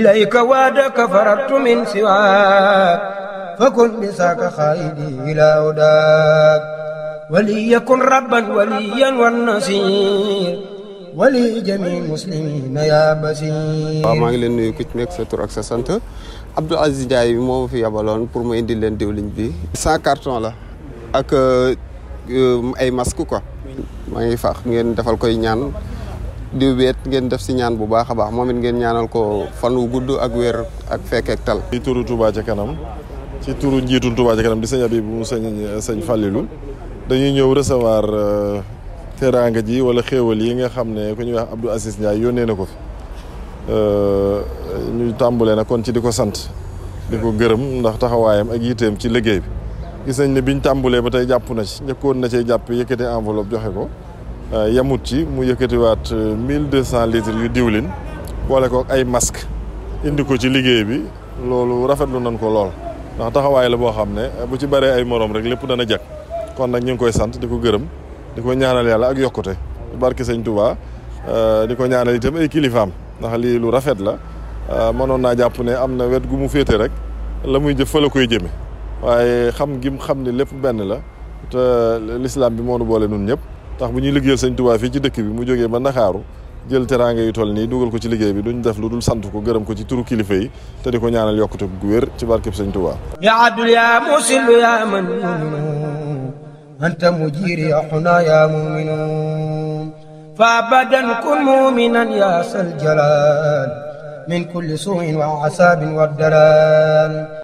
إليك وعدك فررت من سواك فكن بساك خائدي إلى هداك وليكن ربا وليا والنصير wali jami muslimina ya basir waaw maa ngi leen nuyu ku ci nekk sa tur ak sa sant Abdou Aziz Ndiaye bi moo ma fi yabaloon pour ma indi leen diwlin bi cent carton la ak euh, ay masque quoi maa ngi faax ngeen defal koy ñaan di weet ngeen def si ñaan bu baax a baax moom it ngeen ñaanal ko fan wu gudd ak wér ak fekk ak tal. ci turu Touba ca kanam ci turu njiitul Touba ca kanam di sëñ Habib mu sëñ sëñ Fallilou dañuy ñëw recevoir euh, teraanga ji wala xéewal yi nga xam ne ku ñuy wax Abdou Aziz Ndiaye yónnee na ko fi euh, ñu tàmbulee na kon ci di ko sant di ko gërëm ndax taxawaayam ak yitteem ci liggéey bi gis nañ ne biñ tàmbulee ba tey jàpp na ci njëkkoon na cee jàpp yëkkati enveloppe joxe ko. Euh, yamut ci mu yëkkatiwaat euh, mille deux cent litres yu diwlin boole ko ay masque indi ko ci liggéey bi loolu rafetlu nañ ko lool ndax taxawaay la boo xam ne euh, bu ci baree ay morom rek lépp dana jag kon nag ñu ngi koy sant di ko gërëm di ko ñaanal yàlla ak yokkute barki sañ Touba di ko ñaanal itam ay kilifaam ndax lii lu rafet la mënoon naa jàpp ne am na wet gu mu féete rek la muy jëf fa la koy jëme waaye xam gim xam ni lépp benn la te l'islam bi moo nu boole nun ñëpp ndax bu ñuy liggéeyal sëñ Tuubaa fii ci dëkk bi mu jógee ba Ndakaaru jël teraanga yu toll nii dugal ko ci liggéey bi duñ def lu dul sant ko gërëm ko ci turu kilifa yi ko ñaanal yokkute gu wér ci barkeb sëñ Tuubaa ya adul ya musil ya man anta mujiri a xuna ya muminun fa abadan kun muminan ya sal min kulli suin wa asabin wa dalal